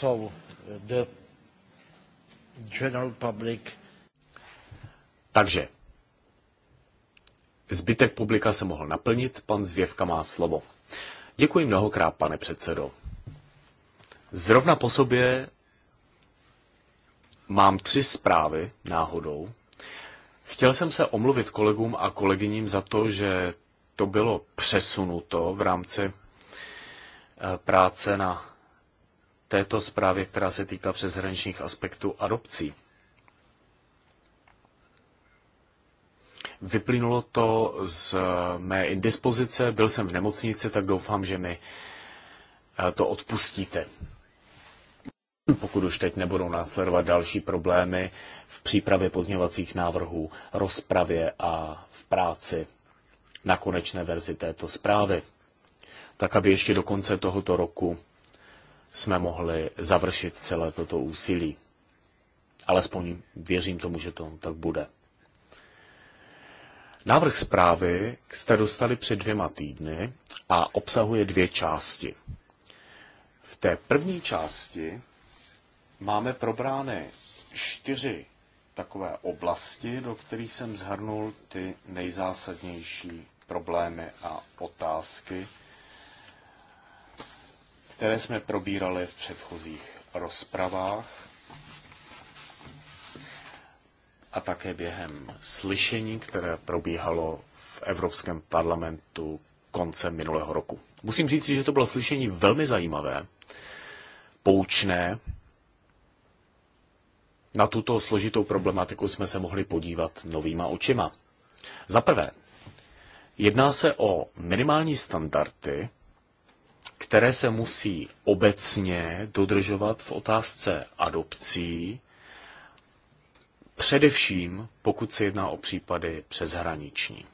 So uh, the general public... Takže zbytek publika se mohl naplnit, pan Zvěvka má slovo. Děkuji mnohokrát, pane předsedo. Zrovna po sobě mám tři zprávy náhodou. Chtěl jsem se omluvit kolegům a kolegyním za to, že to bylo přesunuto v rámci eh, práce na této zprávě, která se týká přeshraničních aspektů adopcí. Vyplynulo to z mé indispozice, byl jsem v nemocnici, tak doufám, že mi eh, to odpustíte. Pokud už teď nebudou následovat další problémy v přípravě pozněvacích návrhů, rozpravě a v práci na konečné verzi této zprávy, tak aby ještě do konce tohoto roku jsme mohli završit celé toto úsilí. Alespoň věřím tomu, že to tak bude. Návrh zprávy jste dostali před dvěma týdny a obsahuje dvě části. V té první části máme probrány čtyři takové oblasti, do kterých jsem zhrnul ty nejzásadnější problémy a otázky, které jsme probírali v předchozích rozpravách a také během slyšení, které probíhalo v Evropském parlamentu koncem minulého roku. Musím říct, že to bylo slyšení velmi zajímavé, poučné. Na tuto složitou problematiku jsme se mohli podívat novýma očima. Za prvé, jedná se o minimální standardy, které se musí obecně dodržovat v otázce adopcí, především pokud se jedná o případy přeshraniční.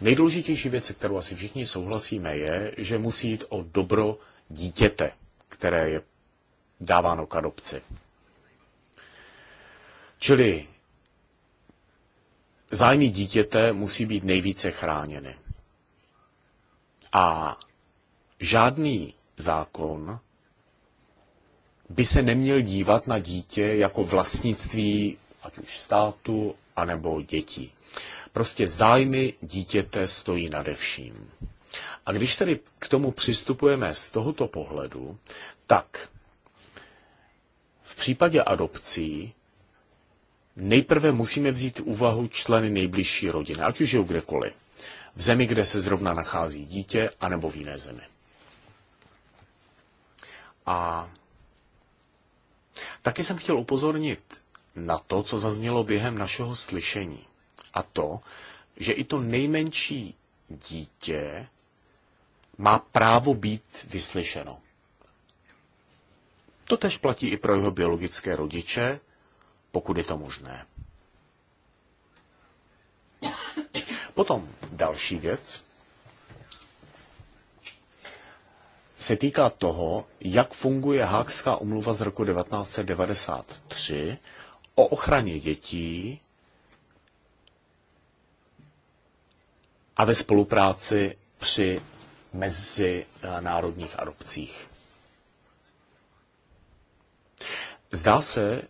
Nejdůležitější věc, se kterou asi všichni souhlasíme, je, že musí jít o dobro dítěte, které je dáváno k adopci. Čili zájmy dítěte musí být nejvíce chráněny. A žádný zákon by se neměl dívat na dítě jako vlastnictví ať už státu, anebo dětí. Prostě zájmy dítěte stojí nade vším. A když tedy k tomu přistupujeme z tohoto pohledu, tak v případě adopcí nejprve musíme vzít úvahu členy nejbližší rodiny, ať už je kdekoliv. V zemi, kde se zrovna nachází dítě, anebo v jiné zemi. A taky jsem chtěl upozornit na to, co zaznělo během našeho slyšení. A to, že i to nejmenší dítě má právo být vyslyšeno. To tež platí i pro jeho biologické rodiče, pokud je to možné. Potom další věc, se týká toho, jak funguje Hákská umluva z roku 1993 o ochraně dětí a ve spolupráci při mezinárodních adopcích. Zdá se,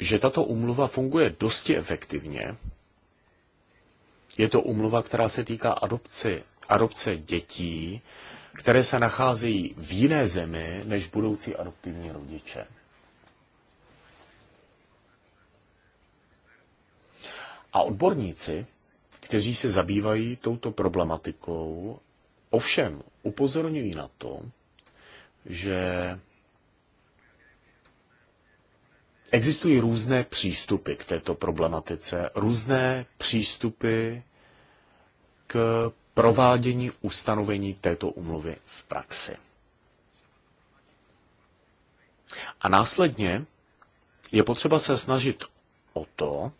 že tato umluva funguje dosti efektivně. Je to umluva, která se týká adopci, adopce dětí které se nacházejí v jiné zemi než budoucí adoptivní rodiče. A odborníci, kteří se zabývají touto problematikou, ovšem upozorňují na to, že existují různé přístupy k této problematice, různé přístupy k provádění ustanovení této umluvy v praxi. A následně je potřeba se snažit o to,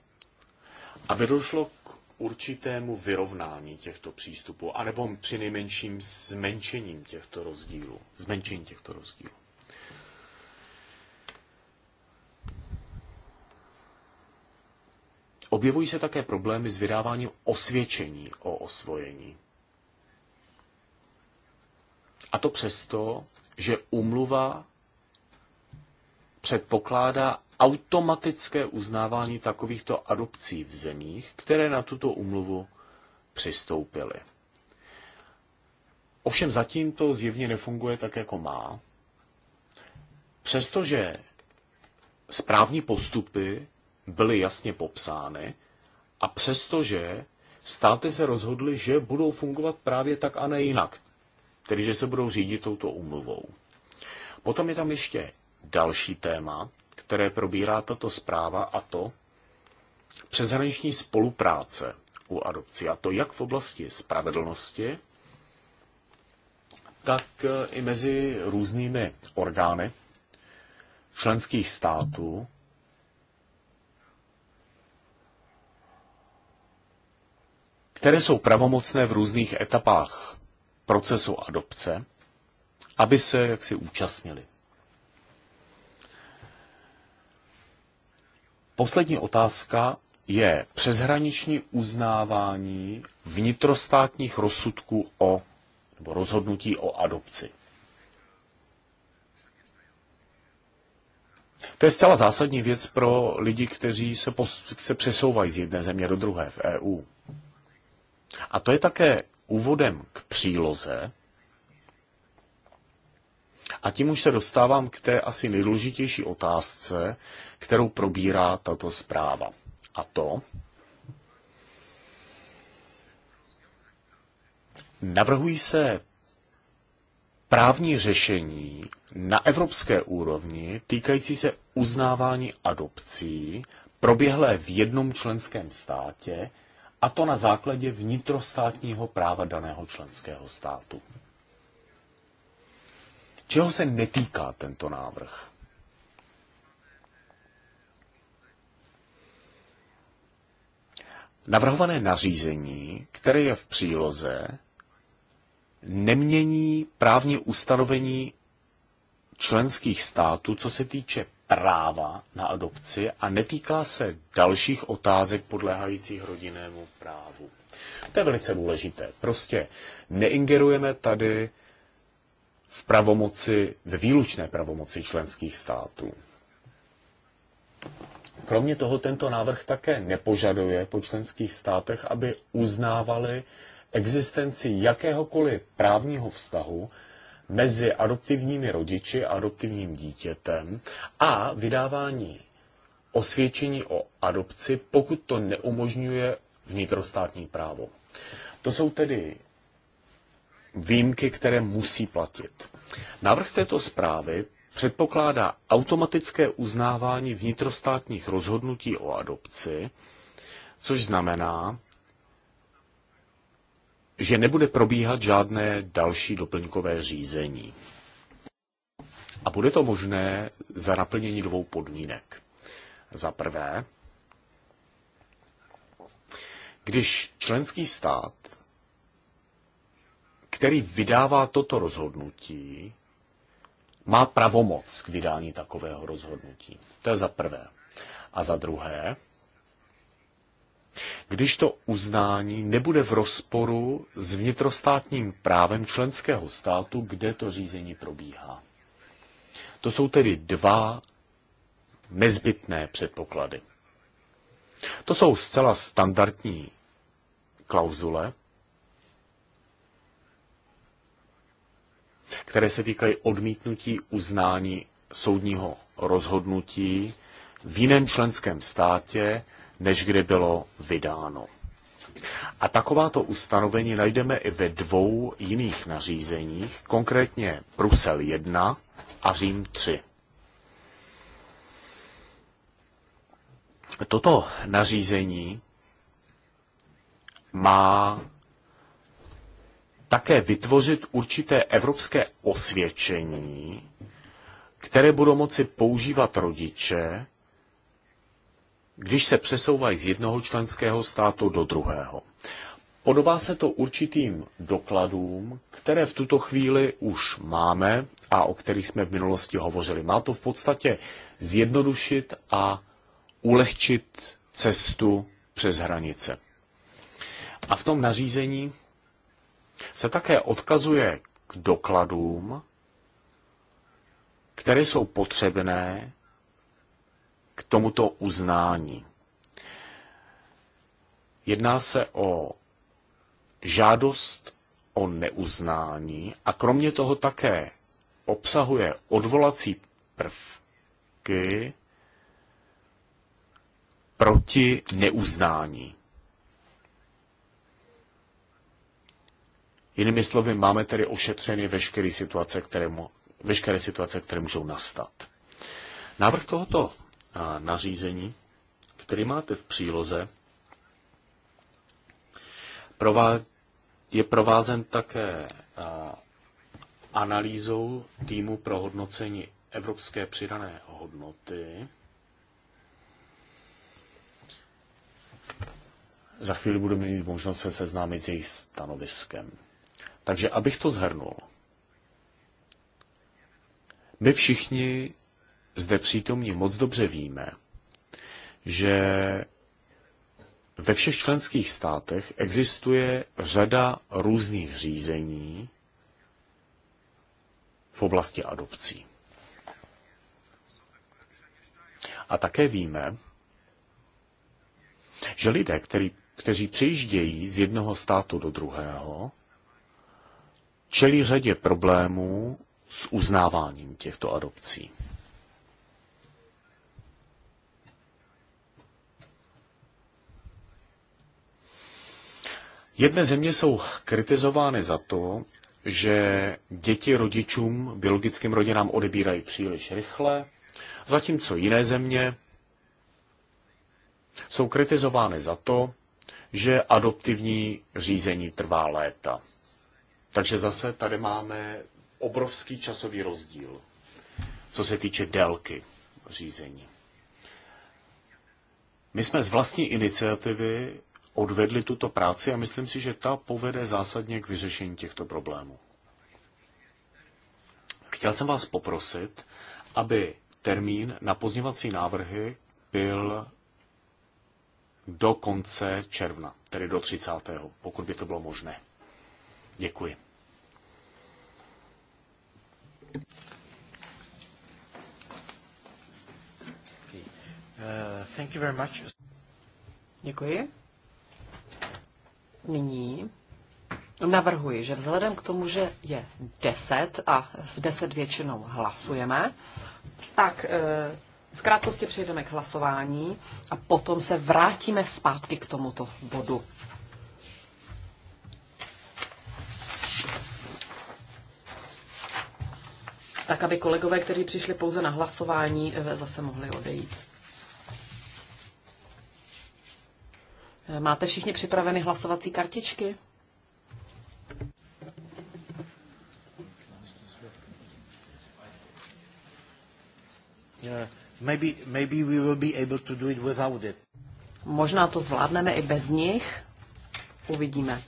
aby došlo k určitému vyrovnání těchto přístupů, anebo při nejmenším zmenšením těchto rozdílů. Zmenšení těchto rozdílů. Objevují se také problémy s vydáváním osvědčení o osvojení. A to přesto, že umluva předpokládá automatické uznávání takovýchto adopcí v zemích, které na tuto umluvu přistoupily. Ovšem zatím to zjevně nefunguje tak, jako má. Přestože správní postupy byly jasně popsány a přestože státy se rozhodly, že budou fungovat právě tak a ne jinak tedy že se budou řídit touto úmluvou. Potom je tam ještě další téma, které probírá tato zpráva a to přeshraniční spolupráce u adopcí. A to jak v oblasti spravedlnosti, tak eh, i mezi různými orgány členských států, které jsou pravomocné v různých etapách procesu adopce, aby se jaksi účastnili. Poslední otázka je přeshraniční uznávání vnitrostátních rozsudků o nebo rozhodnutí o adopci. To je zcela zásadní věc pro lidi, kteří se, se přesouvají z jedné země do druhé v EU. A to je také úvodem k příloze. A tím už se dostávám k té asi nejdůležitější otázce, kterou probírá tato zpráva. A to navrhují se právní řešení na evropské úrovni týkající se uznávání adopcí proběhlé v jednom členském státě a to na základě vnitrostátního práva daného členského státu. Čeho se netýká tento návrh? Navrhované nařízení, které je v příloze, nemění právní ustanovení členských států, co se týče práva na adopci a netýká se dalších otázek podléhajících rodinnému právu. To je velice důležité. Prostě neingerujeme tady v pravomoci, ve výlučné pravomoci členských států. Kromě toho tento návrh také nepožaduje po členských státech, aby uznávali existenci jakéhokoliv právního vztahu mezi adoptivními rodiči a adoptivním dítětem a vydávání osvědčení o adopci, pokud to neumožňuje vnitrostátní právo. To jsou tedy výjimky, které musí platit. Návrh této zprávy předpokládá automatické uznávání vnitrostátních rozhodnutí o adopci, což znamená, že nebude probíhat žádné další doplňkové řízení. A bude to možné za naplnění dvou podmínek. Za prvé, když členský stát, který vydává toto rozhodnutí, má pravomoc k vydání takového rozhodnutí. To je za prvé. A za druhé, když to uznání nebude v rozporu s vnitrostátním právem členského státu, kde to řízení probíhá. To jsou tedy dva nezbytné předpoklady. To jsou zcela standardní klauzule, které se týkají odmítnutí uznání soudního rozhodnutí v jiném členském státě než kdy bylo vydáno. A takováto ustanovení najdeme i ve dvou jiných nařízeních, konkrétně Brusel 1 a Řím 3. Toto nařízení má také vytvořit určité evropské osvědčení, které budou moci používat rodiče, když se přesouvají z jednoho členského státu do druhého. Podobá se to určitým dokladům, které v tuto chvíli už máme a o kterých jsme v minulosti hovořili. Má to v podstatě zjednodušit a ulehčit cestu přes hranice. A v tom nařízení se také odkazuje k dokladům, které jsou potřebné k tomuto uznání. Jedná se o žádost o neuznání a kromě toho také obsahuje odvolací prvky proti neuznání. Jinými slovy, máme tedy ošetřeny veškeré situace, které, veškeré situace, které můžou nastat. Návrh tohoto nařízení, který máte v příloze, je provázen také analýzou týmu pro hodnocení evropské přidané hodnoty. Za chvíli budeme mít možnost se seznámit s jejich stanoviskem. Takže abych to zhrnul. My všichni zde přítomní moc dobře víme, že ve všech členských státech existuje řada různých řízení v oblasti adopcí. A také víme, že lidé, který, kteří přijíždějí z jednoho státu do druhého, čelí řadě problémů s uznáváním těchto adopcí. Jedné země jsou kritizovány za to, že děti rodičům, biologickým rodinám odebírají příliš rychle, zatímco jiné země jsou kritizovány za to, že adoptivní řízení trvá léta. Takže zase tady máme obrovský časový rozdíl, co se týče délky řízení. My jsme z vlastní iniciativy odvedli tuto práci a myslím si, že ta povede zásadně k vyřešení těchto problémů. Chtěl jsem vás poprosit, aby termín na pozněvací návrhy byl do konce června, tedy do 30. pokud by to bylo možné. Děkuji. Děkuji. Nyní navrhuji, že vzhledem k tomu, že je 10 a v 10 většinou hlasujeme, tak eh, v krátkosti přejdeme k hlasování a potom se vrátíme zpátky k tomuto bodu. Tak, aby kolegové, kteří přišli pouze na hlasování, eh, zase mohli odejít. Máte všichni připraveny hlasovací kartičky? Možná to zvládneme i bez nich. Uvidíme.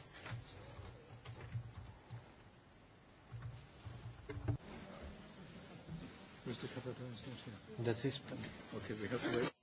That's his plan. Okay, we have to wait.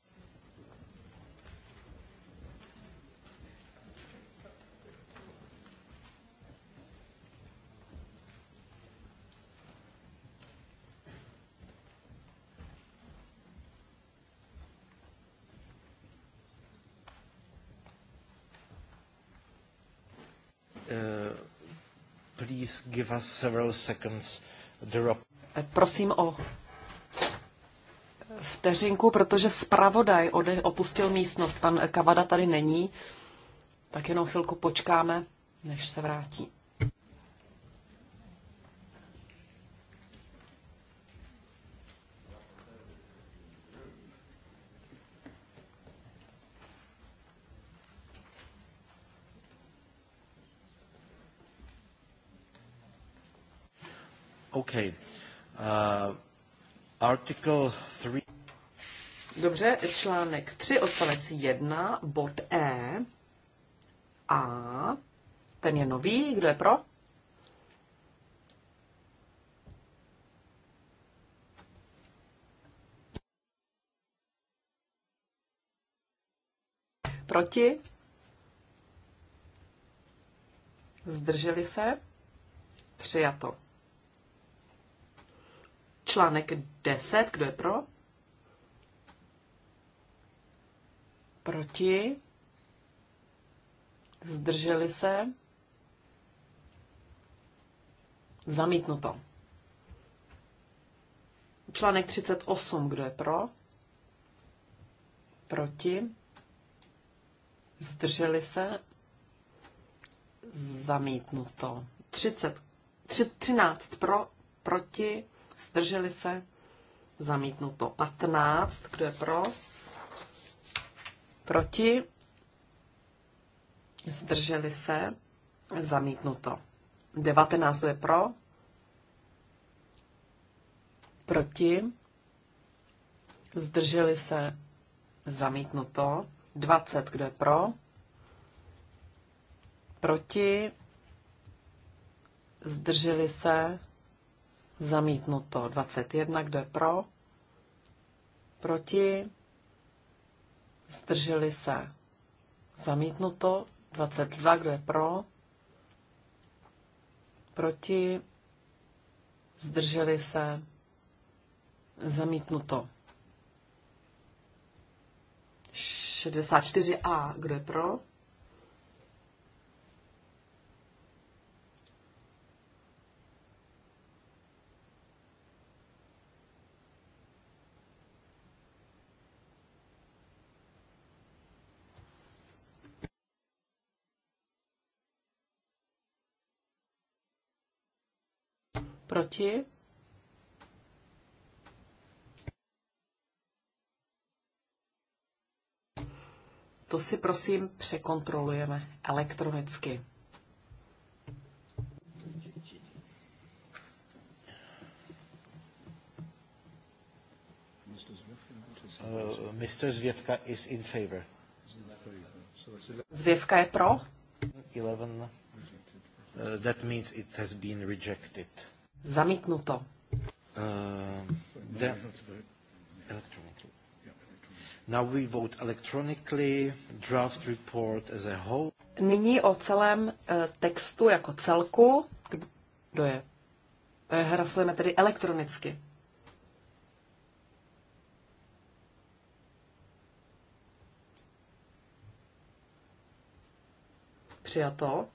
please give us several seconds the eh, Prosím o vteřinku, protože zpravodaj opustil místnost. Pan Kavada tady není, tak jenom chvilku počkáme, než se vrátí. Okay. Uh, article three. Dobře, článek 3, odstavec 1, bod E. A ten je nový, kdo je pro? Proti? Zdrželi se? Přijato. Článek 10, kdo je pro? Proti? Zdrželi se? Zamítnuto. Článek 38, kdo je pro? Proti? Zdrželi se? Zamítnuto. 30, 13 pro, proti? zdrželi se, zamítnuto 15, kdo je pro, proti, zdrželi se, zamítnuto 19, kdo je pro, proti, zdrželi se, zamítnuto 20, kdo je pro, proti, zdrželi se, Zamítnuto 21, kdo je pro? Proti? Zdrželi se. Zamítnuto 22, kdo je pro? Proti? Zdrželi se. Zamítnuto. 64a, kdo je pro? Proti? To si prosím překontrolujeme elektronicky. Uh, Mr. Zvěvka is in favor. Zvěvka je pro? 11. Uh, that means it has been rejected. Zamítnuto. Uh, Now we vote electronically, draft report as a whole. Nyní o celém eh, textu jako celku. Kdo je? Eh, hlasujeme tedy elektronicky. Přijato.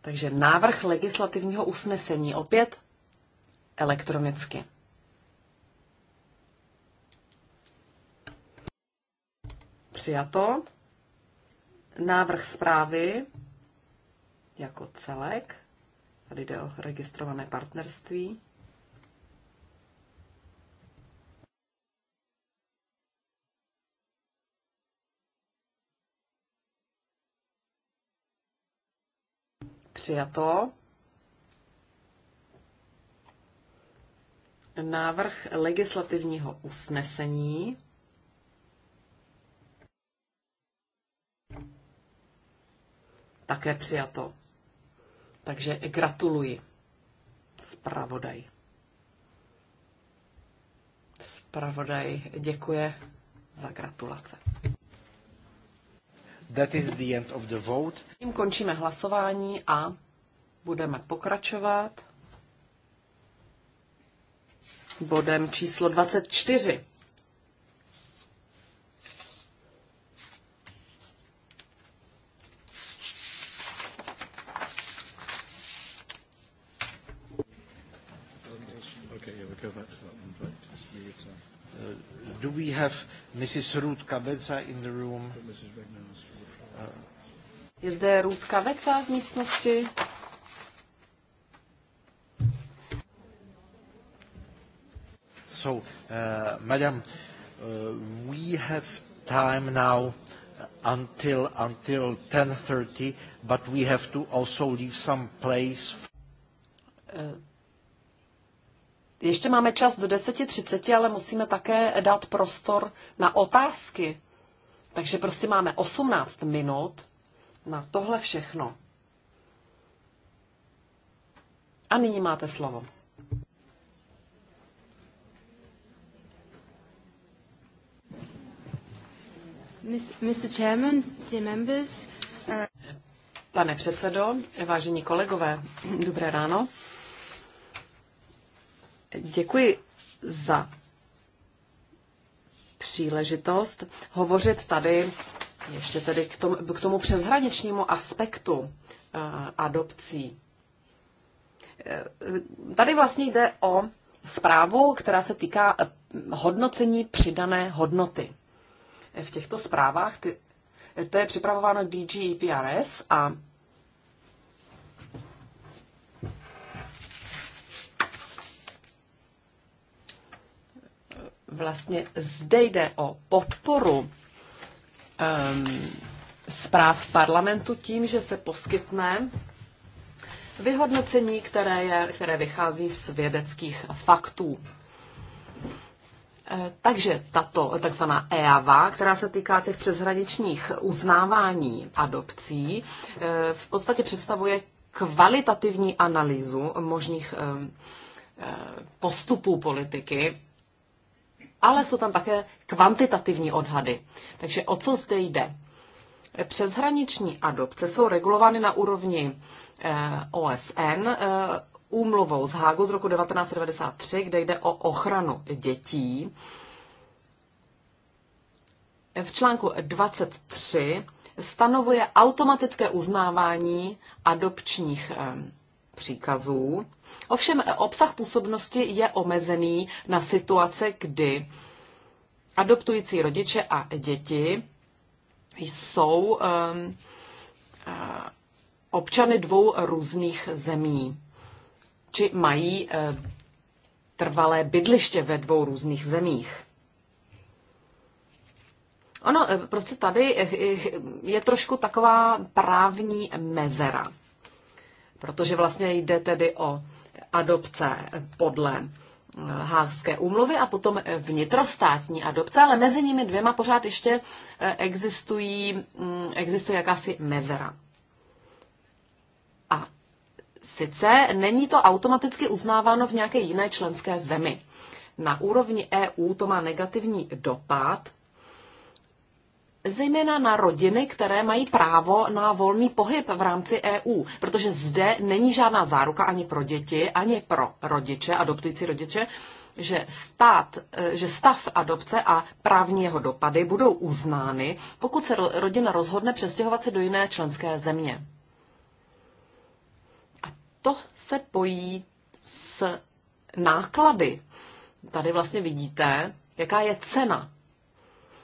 Takže návrh legislativního usnesení opět elektronicky. Přijato. Návrh zprávy jako celek. Tady jde o registrované partnerství. Přijato. Návrh legislativního usnesení. Také přijato. Takže gratuluji zpravodaj. Zpravodaj děkuje za gratulace. That is the end of the vote. Tím končíme hlasování a budeme pokračovat bodem číslo 24. Uh, do we have Mrs. Ruth Kabeza in the room? Uh, je zde Růdka Veca v místnosti. So, uh, madam, uh, we have time now until until 10:30, but we have to also leave some place. Uh, ještě máme čas do 10.30, ale musíme také dát prostor na otázky. Takže prostě máme 18 minut na tohle všechno. A nyní máte slovo. Mr. Chairman, dear members, uh, Pane předsedo, vážení kolegové, dobré ráno. Děkuji za příležitost hovořit tady ještě tedy k tomu, k tomu přeshraničnímu aspektu eh, adopcí. Eh, tady vlastně jde o zprávu, která se týká eh, hodnocení přidané hodnoty. V těchto zprávách ty, to je připravováno DG EPRS a vlastně zde jde o podporu um, zpráv parlamentu tím, že se poskytne vyhodnocení, které, je, které vychází z vědeckých faktů. Eh, takže tato takzvaná EAVA, která se týká těch přeshraničních uznávání adopcí, eh, v podstatě představuje kvalitativní analýzu možných ehm, eh, postupů politiky ale jsou tam také kvantitativní odhady. Takže o co zde jde? Přeshraniční adopce jsou regulovány na úrovni eh, OSN eh, úmluvou z Hágu z roku 1993, kde jde o ochranu dětí. V článku 23 stanovuje automatické uznávání adopčních eh, příkazů. Ovšem e, obsah působnosti je omezený na situace, kdy adoptující rodiče a děti jsou um, občany dvou různých zemí, či mají um, trvalé bydliště ve dvou různých zemích. Ono, e, prostě tady je trošku taková právní mezera protože vlastně jde tedy o adopce podle eh, Hávské úmluvy a potom vnitrostátní adopce, ale mezi nimi dvěma pořád ještě eh, existují, mm, existuje jakási mezera. A sice není to automaticky uznáváno v nějaké jiné členské zemi. Na úrovni EU to má negativní dopad, zejména na rodiny, které mají právo na volný pohyb v rámci EU, protože zde není žádná záruka ani pro děti, ani pro rodiče, adoptující rodiče, že, stát, eh, že stav adopce a právní jeho dopady budou uznány, pokud se rodina rozhodne přestěhovat se do jiné členské země. A to se pojí s náklady. Tady vlastně vidíte, jaká je cena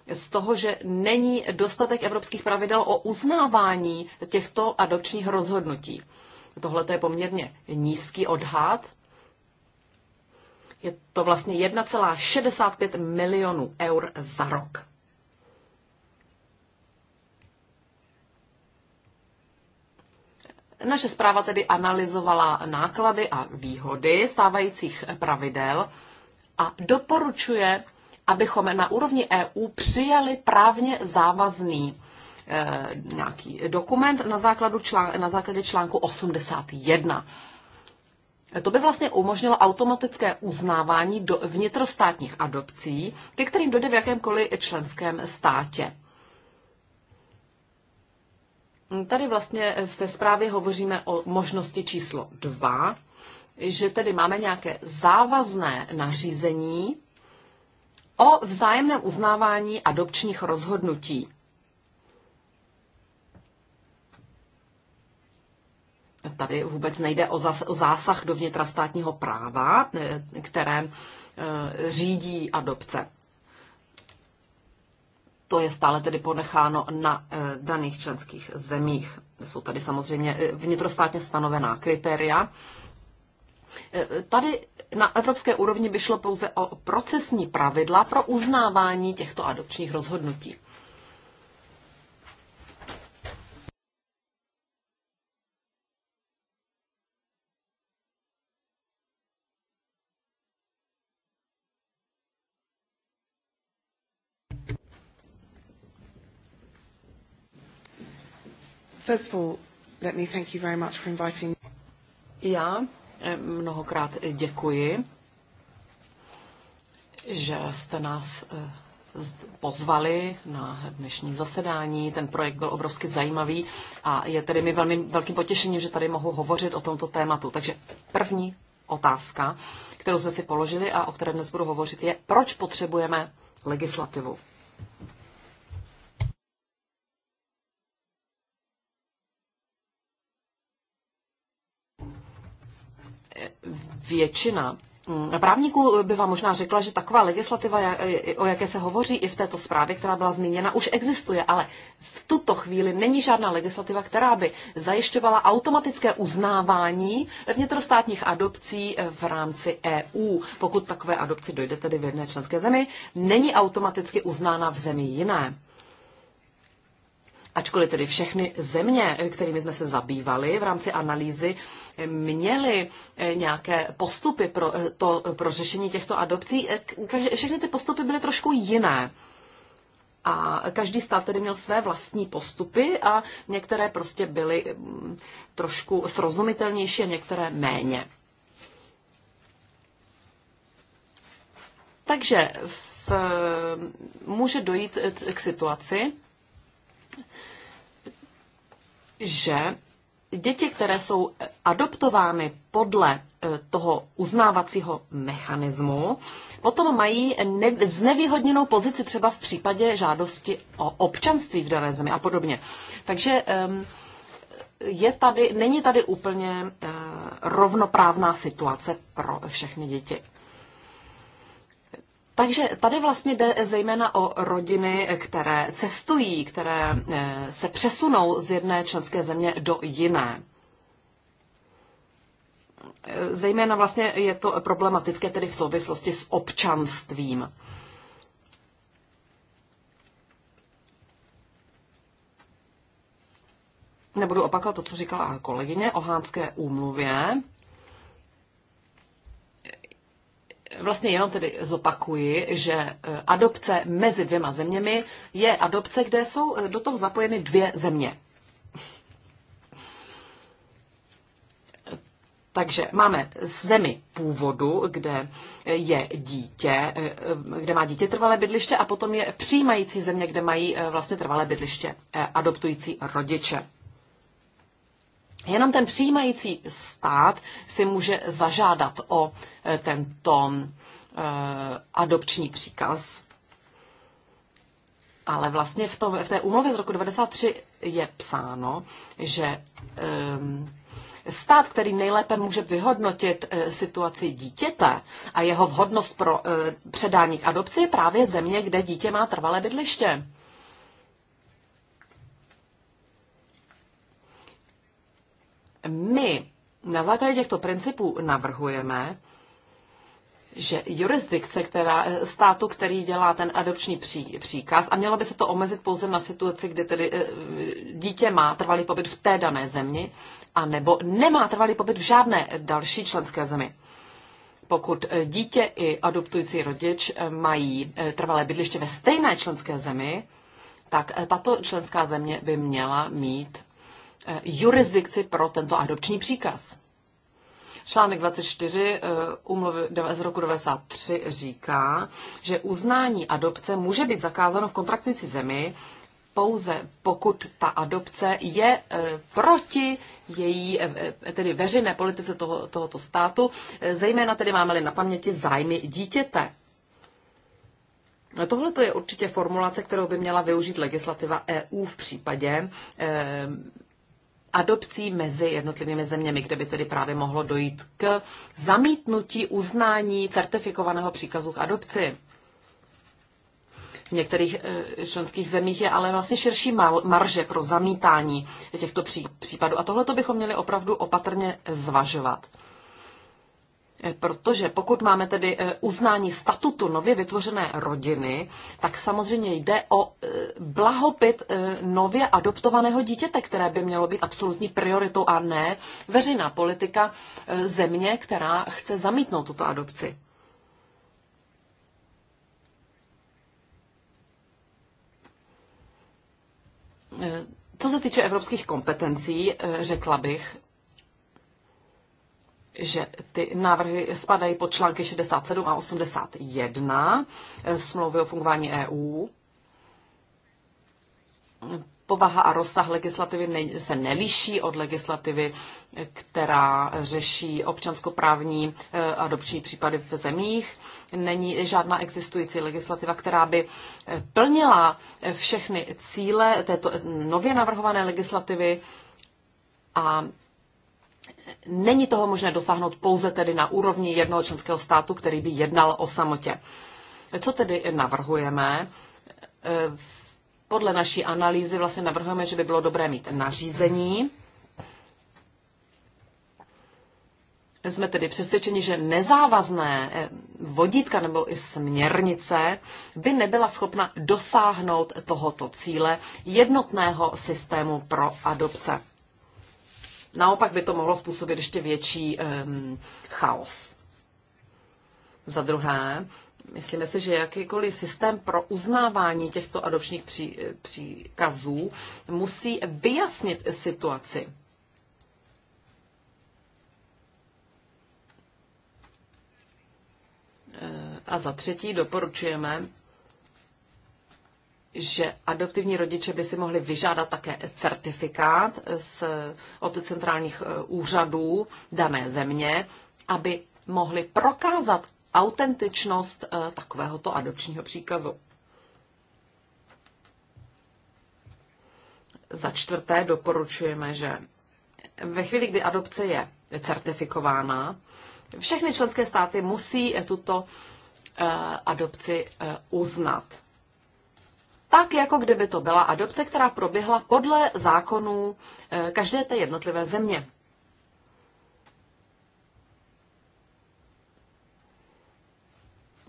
z toho, že není dostatek evropských pravidel o uznávání těchto adopčních rozhodnutí. Tohle je poměrně nízký odhad. Je to vlastně 1,65 milionů eur za rok. Naše zpráva tedy analyzovala náklady a výhody stávajících pravidel a doporučuje abychom na úrovni EU přijali právně závazný eh, nějaký dokument na, základu člán, na základě článku 81. To by vlastně umožnilo automatické uznávání do vnitrostátních adopcí, ke kterým dojde v jakémkoliv členském státě. Tady vlastně v té zprávě hovoříme o možnosti číslo 2, že tedy máme nějaké závazné nařízení, o vzájemném uznávání adopčních rozhodnutí. Tady vůbec nejde o zásah do vnitrostátního práva, které e, řídí adopce. To je stále tedy ponecháno na e, daných členských zemích. Jsou tady samozřejmě e, vnitrostátně stanovená kritéria, Eh, tady na evropské úrovni by šlo pouze o procesní pravidla pro uznávání těchto adopčních rozhodnutí. First of all, let me thank you very much for inviting. me. Já Eh, mnohokrát děkuji, že jste nás eh, pozvali na dnešní zasedání. Ten projekt byl obrovsky zajímavý a je tedy mi velmi velkým potěšením, že tady mohu hovořit o tomto tématu. Takže první otázka, kterou jsme si položili a o které dnes budu hovořit, je, proč potřebujeme legislativu. většina mm, právníků by vám možná řekla, že taková legislativa, o jaké se hovoří i v této zprávě, která byla zmíněna, už existuje, ale v tuto chvíli není žádná legislativa, která by zajišťovala automatické uznávání vnitrostátních adopcí v rámci EU. Pokud takové adopci dojde tedy v jedné členské zemi, není automaticky uznána v zemi jiné. Ačkoliv tedy všechny země, kterými jsme se zabývali v rámci analýzy, měly eh, nějaké postupy pro, eh, to, pro řešení těchto adopcí, eh, všechny ty postupy byly trošku jiné. A každý stát tedy měl své vlastní postupy a některé prostě byly mm, trošku srozumitelnější a některé méně. Takže v, může dojít k situaci, že děti, které jsou adoptovány podle e, toho uznávacího mechanismu, potom mají ne- znevýhodněnou pozici třeba v případě žádosti o občanství v dané zemi a podobně. Takže je tady, není tady úplně e, rovnoprávná situace pro všechny děti. Takže tady vlastně jde zejména o rodiny, které cestují, které eh, se přesunou z jedné členské země do jiné. Eh, zejména vlastně je to problematické tedy v souvislosti s občanstvím. Nebudu opakovat to, co říkala kolegyně o Hánské úmluvě. vlastně jenom tedy zopakuji, že eh, adopce mezi dvěma zeměmi je adopce, kde jsou eh, do toho zapojeny dvě země. Takže máme zemi původu, kde je dítě, eh, kde má dítě trvalé bydliště a potom je přijímající země, kde mají vlastně trvalé bydliště adoptující rodiče. Jenom ten přijímající stát si může zažádat o e, tento e, adopční příkaz. Ale vlastně v, tom, v té úmluvě z roku 93 je psáno, že ehm, stát, který nejlépe může vyhodnotit e, situaci dítěte a jeho vhodnost pro předání k adopci, je právě země, kde dítě má trvalé bydliště. my na základě těchto principů navrhujeme, že jurisdikce která, státu, který dělá ten adopční pří, příkaz, a mělo by se to omezit pouze na situaci, kdy tedy eh, dítě má trvalý pobyt v té dané zemi, a nebo nemá trvalý pobyt v žádné další členské zemi. Pokud eh, dítě i adoptující rodič eh, mají trvalé bydliště ve stejné členské zemi, tak tato členská země by měla mít Eh, jurisdikci pro tento adopční příkaz. Článek 24 umluvy eh, z roku 93 říká, že uznání adopce může být zakázáno v kontraktující zemi pouze pokud ta adopce je eh, proti její tedy veřejné politice toho, tohoto státu, zejména tedy máme-li na paměti zájmy dítěte. No, tohle je určitě formulace, kterou by měla využít legislativa EU v případě adopcí mezi jednotlivými zeměmi, kde by tedy právě mohlo dojít k zamítnutí uznání certifikovaného příkazu k adopci. V některých eh, členských zemích je ale vlastně širší marže pro zamítání těchto případů. A tohle bychom měli opravdu opatrně zvažovat. Eh, protože pokud máme tedy eh, uznání statutu nově vytvořené rodiny, tak samozřejmě jde o eh, blahopit nově adoptovaného dítěte, které by mělo být absolutní prioritou a ne veřejná politika země, která chce zamítnout tuto adopci. Co se týče evropských kompetencí, řekla bych, že ty návrhy spadají pod články 67 a 81 smlouvy o fungování EU. Povaha a rozsah legislativy se neliší od legislativy, která řeší občanskoprávní eh, adopční případy v zemích. Není žádná existující legislativa, která by eh, plnila eh, všechny cíle této nově navrhované legislativy a Není toho možné dosáhnout pouze tedy na úrovni jednoho členského státu, který by jednal o samotě. Co tedy navrhujeme? E, podle naší analýzy vlastně navrhujeme, že by bylo dobré mít nařízení. Jsme tedy přesvědčeni, že nezávazné e, vodítka nebo i směrnice by nebyla schopna dosáhnout tohoto cíle jednotného systému pro adopce. Naopak by to mohlo způsobit ještě větší um, chaos. Za druhé, myslíme si, že jakýkoliv systém pro uznávání těchto adopčních pří, příkazů musí vyjasnit situaci. E, a za třetí doporučujeme, že adoptivní rodiče by si mohli vyžádat také certifikát z, od centrálních eh, úřadů dané země, aby mohli prokázat autentičnost eh, takovéhoto adopčního příkazu. Za čtvrté doporučujeme, že ve chvíli, kdy adopce je certifikována, všechny členské státy musí tuto eh, adopci uznat tak jako kdyby to byla adopce, která proběhla podle zákonů eh, každé té jednotlivé země.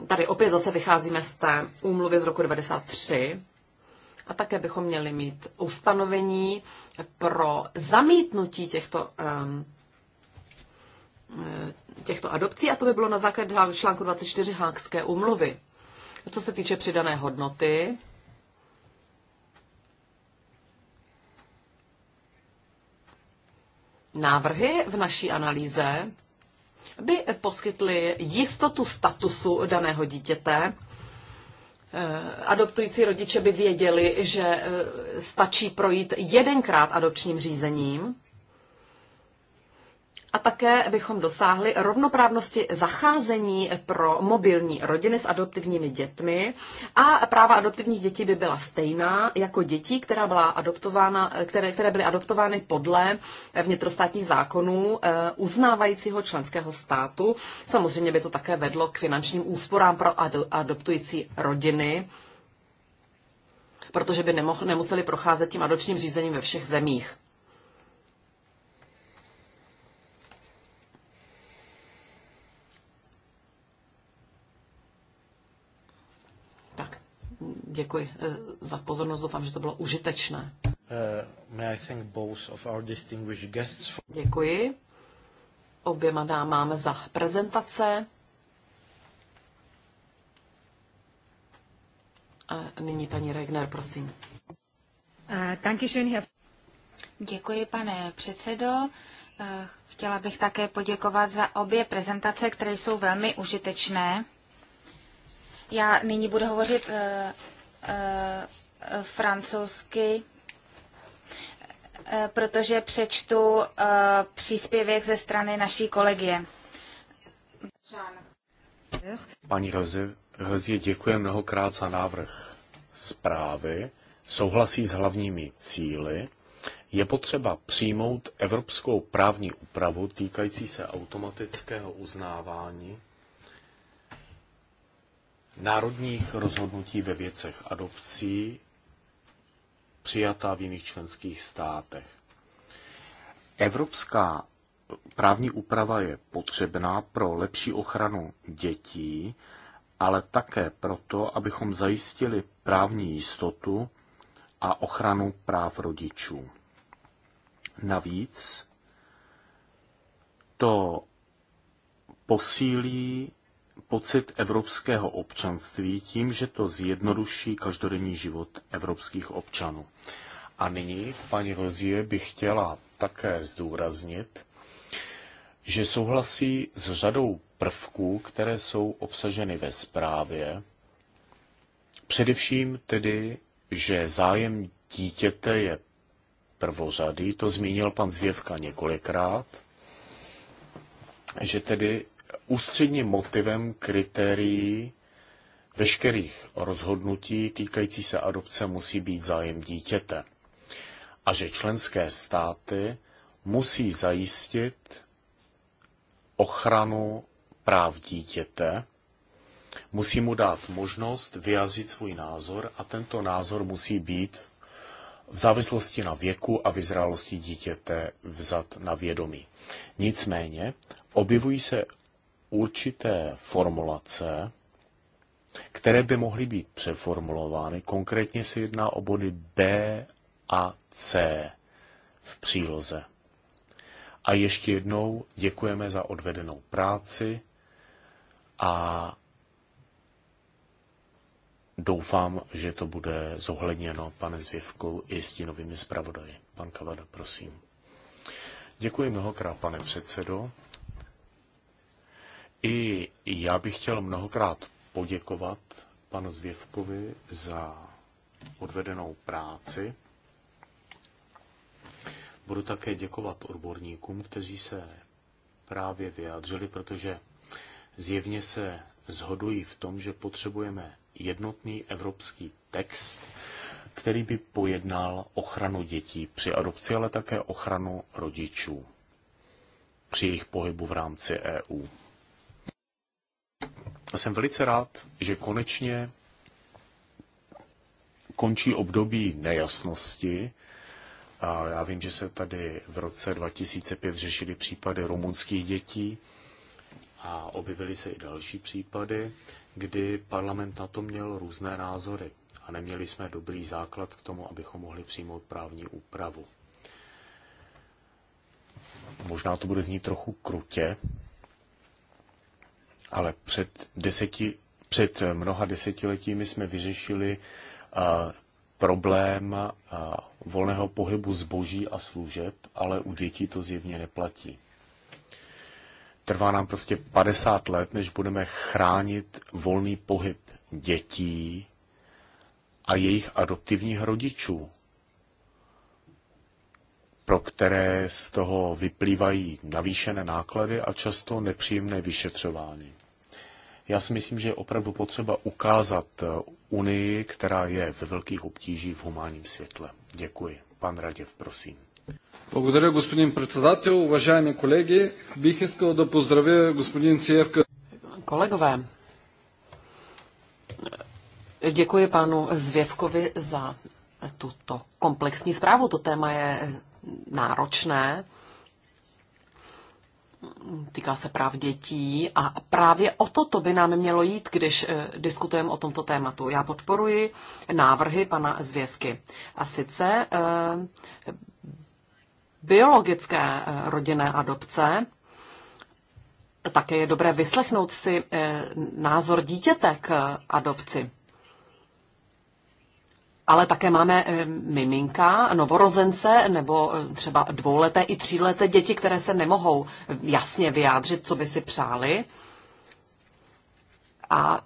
Tady opět zase vycházíme z té úmluvy z roku 93 a také bychom měli mít ustanovení pro zamítnutí těchto, ehm, eh, těchto adopcí a to by bylo na základě článku 24 Hákské úmluvy. Co se týče přidané hodnoty, Návrhy v naší analýze by poskytly jistotu statusu daného dítěte. Eh, adoptující rodiče by věděli, že eh, stačí projít jedenkrát adopčním řízením a také bychom dosáhli rovnoprávnosti zacházení pro mobilní rodiny s adoptivními dětmi a práva adoptivních dětí by byla stejná jako dětí, která byla adoptována, které, které byly adoptovány podle vnitrostátních zákonů eh, uznávajícího členského státu. Samozřejmě by to také vedlo k finančním úsporám pro adoptující rodiny protože by nemoh, nemuseli procházet tím adopčním řízením ve všech zemích. Děkuji eh, za pozornost, doufám, že to bylo užitečné. Eh, Děkuji oběma máme za prezentace. A nyní paní Regner, prosím. Eh, Děkuji, pane předsedo. Chtěla bych také poděkovat za obě prezentace, které jsou velmi užitečné. Já nyní budu hovořit Eh, francouzsky, eh, protože přečtu eh, příspěvek ze strany naší kolegie. Paní Rozie, děkuji mnohokrát za návrh zprávy. Souhlasí s hlavními cíly. Je potřeba přijmout evropskou právní úpravu týkající se automatického uznávání národních rozhodnutí ve věcech adopcí přijatá v jiných členských státech. Evropská právní úprava je potřebná pro lepší ochranu dětí, ale také proto, abychom zajistili právní jistotu a ochranu práv rodičů. Navíc to posílí pocit evropského občanství tím, že to zjednoduší každodenní život evropských občanů. A nyní paní Rozie bych chtěla také zdůraznit, že souhlasí s řadou prvků, které jsou obsaženy ve zprávě, především tedy, že zájem dítěte je prvořadý, to zmínil pan Zvěvka několikrát, že tedy ústředním motivem kritérií veškerých rozhodnutí týkající se adopce musí být zájem dítěte a že členské státy musí zajistit ochranu práv dítěte, musí mu dát možnost vyjádřit svůj názor a tento názor musí být v závislosti na věku a vyzrálosti dítěte vzat na vědomí. Nicméně objevují se určité formulace, které by mohly být přeformulovány. Konkrétně se jedná o body B a C v příloze. A ještě jednou děkujeme za odvedenou práci a doufám, že to bude zohledněno, pane Zvěvku, i s novými zpravodaji. Pan Kavada, prosím. Děkuji mnohokrát, pane předsedo. I já bych chtěl mnohokrát poděkovat panu Zvěvkovi za odvedenou práci. Budu také děkovat odborníkům, kteří se právě vyjádřili, protože zjevně se zhodují v tom, že potřebujeme jednotný evropský text, který by pojednal ochranu dětí při adopci, ale také ochranu rodičů při jejich pohybu v rámci EU. Jsem velice rád, že konečně končí období nejasnosti. A já vím, že se tady v roce 2005 řešily případy rumunských dětí a objevily se i další případy, kdy parlament na to měl různé názory a neměli jsme dobrý základ k tomu, abychom mohli přijmout právní úpravu. Možná to bude znít trochu krutě, ale před, deseti, před mnoha desetiletími jsme vyřešili a, problém a, volného pohybu zboží a služeb, ale u dětí to zjevně neplatí. Trvá nám prostě 50 let, než budeme chránit volný pohyb dětí a jejich adoptivních rodičů pro které z toho vyplývají navýšené náklady a často nepříjemné vyšetřování. Já si myslím, že je opravdu potřeba ukázat eh, Unii, která je ve velkých obtížích v humánním světle. Děkuji. Pan Raděv, prosím. Благодаря, господин председател. Уважаеми колеги, бих искал да поздравя господин Циевка. Колегове, děkuji panu Zvěvkovi za tuto komplexní zprávu. To téma je náročné. Týká se práv dětí a právě o toto by nám mělo jít, když eh, diskutujeme o tomto tématu. Já podporuji návrhy pana Zvěvky. A sice eh, biologické eh, rodinné adopce, také je dobré vyslechnout si názor dítěte k adopci ale také máme eh, miminka, novorozence nebo eh, třeba dvouleté i tříleté děti, které se nemohou eh, jasně vyjádřit, co by si přáli. A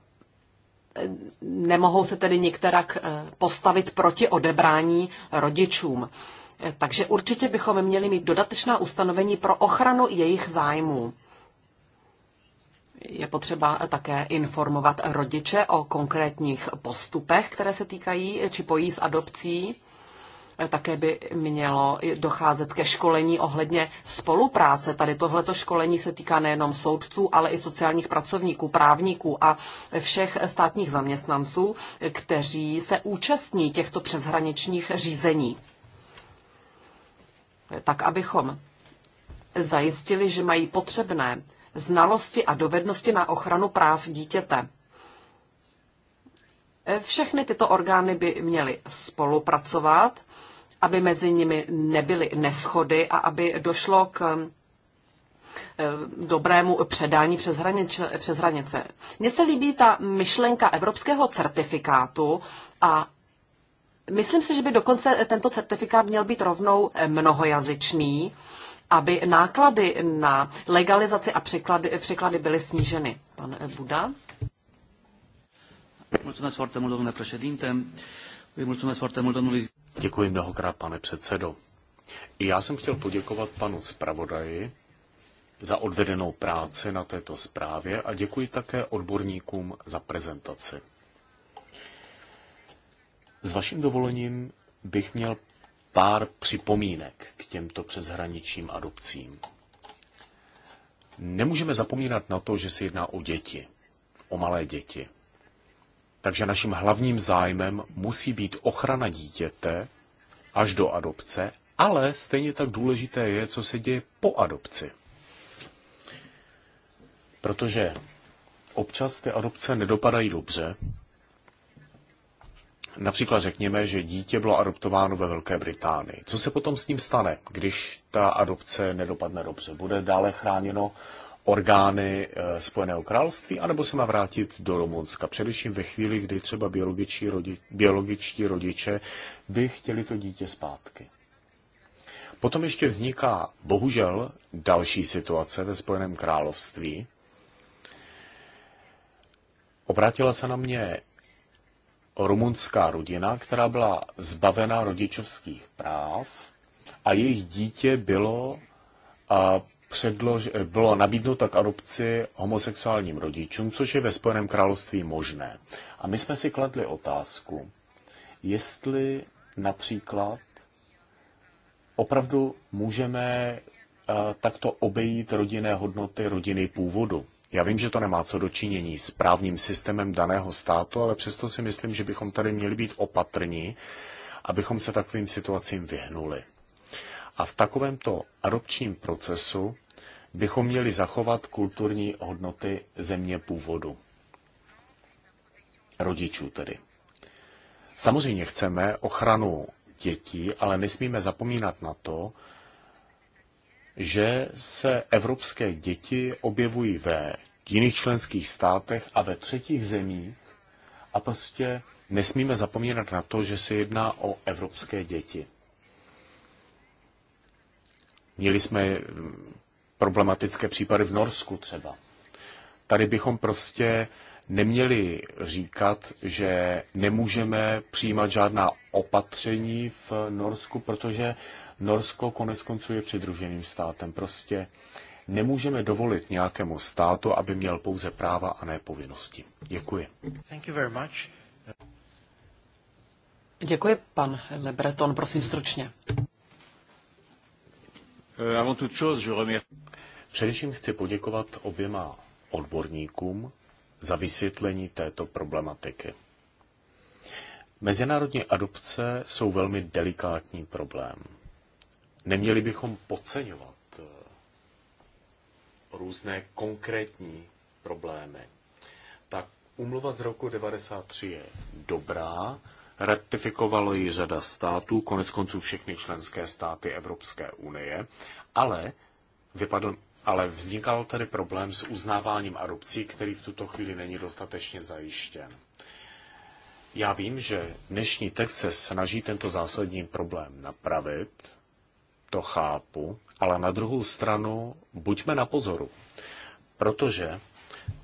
nemohou se tedy některak postavit proti odebrání rodičům. Takže určitě bychom měli mít dodatečná ustanovení pro ochranu jejich zájmů je potřeba také informovat rodiče o konkrétních postupech, které se týkají či pojí s adopcí. Také by mělo docházet ke školení ohledně spolupráce. Tady tohleto školení se týká nejenom soudců, ale i sociálních pracovníků, právníků a všech státních zaměstnanců, kteří se účastní těchto přeshraničních řízení. Tak, abychom zajistili, že mají potřebné znalosti a dovednosti na ochranu práv dítěte. E, všechny tyto orgány by měly spolupracovat, aby mezi nimi nebyly neschody a aby došlo k e, dobrému předání přes hranice. Přes hranice. Mně se líbí ta myšlenka evropského certifikátu a myslím si, že by dokonce tento certifikát měl být rovnou mnohojazyčný, aby náklady na legalizaci a překlady, překlady byly sníženy. Pan Buda. Děkuji mnohokrát, pane předsedo. Já jsem chtěl poděkovat panu zpravodaji za odvedenou práci na této zprávě a děkuji také odborníkům za prezentaci. S vaším dovolením bych měl pár připomínek k těmto přeshraničním adopcím. Nemůžeme zapomínat na to, že se jedná o děti, o malé děti. Takže naším hlavním zájmem musí být ochrana dítěte až do adopce, ale stejně tak důležité je, co se děje po adopci. Protože občas ty adopce nedopadají dobře Například řekněme, že dítě bylo adoptováno ve Velké Británii. Co se potom s ním stane, když ta adopce nedopadne dobře? Bude dále chráněno orgány eh, Spojeného království, anebo se má vrátit do Rumunska. Především ve chvíli, kdy třeba biologičtí, rodi, biologičtí rodiče by chtěli to dítě zpátky. Potom ještě vzniká bohužel další situace ve Spojeném království. Obrátila se na mě rumunská rodina, která byla zbavena rodičovských práv a jejich dítě bylo, a předlož, bylo nabídnuto k adopci homosexuálním rodičům, což je ve Spojeném království možné. A my jsme si kladli otázku, jestli například opravdu můžeme takto obejít rodinné hodnoty rodiny původu. Já vím, že to nemá co dočinění s právním systémem daného státu, ale přesto si myslím, že bychom tady měli být opatrní, abychom se takovým situacím vyhnuli. A v takovémto adopčním procesu bychom měli zachovat kulturní hodnoty země původu. Rodičů tedy. Samozřejmě chceme ochranu dětí, ale nesmíme zapomínat na to, že se evropské děti objevují ve jiných členských státech a ve třetích zemích a prostě nesmíme zapomínat na to, že se jedná o evropské děti. Měli jsme mm, problematické případy v Norsku třeba. Tady bychom prostě neměli říkat, že nemůžeme přijímat žádná opatření v Norsku, protože Norsko konec konců je přidruženým státem. Prostě nemůžeme dovolit nějakému státu, aby měl pouze práva a ne povinnosti. Děkuji. Thank you very much. Děkuji, pan Lebreton, prosím stručně. Euh, Především chci poděkovat oběma odborníkům za vysvětlení této problematiky. Mezinárodní adopce jsou velmi delikátní problém. Neměli bychom podceňovat eh, různé konkrétní problémy. Tak umluva z roku 1993 je dobrá, ratifikovalo ji řada států, konec konců všechny členské státy Evropské unie, ale vypadl ale vznikal tady problém s uznáváním adopcí, který v tuto chvíli není dostatečně zajištěn. Já vím, že dnešní text se snaží tento zásadní problém napravit, to chápu, ale na druhou stranu buďme na pozoru, protože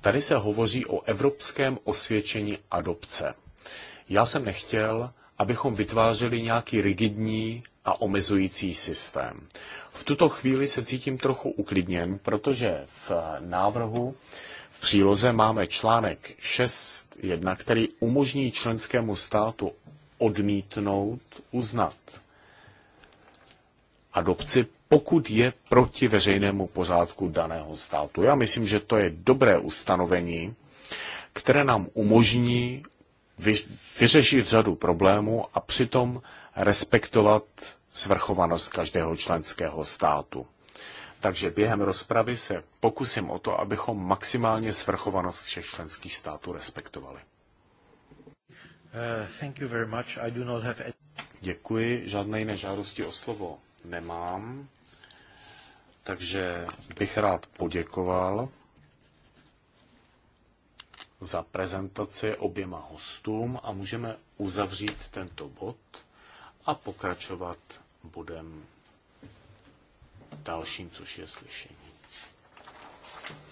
tady se hovoří o evropském osvědčení adopce. Já jsem nechtěl, abychom vytvářeli nějaký rigidní a omezující systém. V tuto chvíli se cítím trochu uklidněn, protože v návrhu v příloze máme článek 6.1, který umožní členskému státu odmítnout uznat adopci, pokud je proti veřejnému pořádku daného státu. Já myslím, že to je dobré ustanovení, které nám umožní vyřešit řadu problémů a přitom respektovat svrchovanost každého členského státu. Takže během rozpravy se pokusím o to, abychom maximálně svrchovanost všech členských států respektovali. Uh, Děkuji. Žádné jiné žádosti o slovo nemám, takže bych rád poděkoval za prezentaci oběma hostům a můžeme uzavřít tento bod a pokračovat bodem dalším, což je slyšení.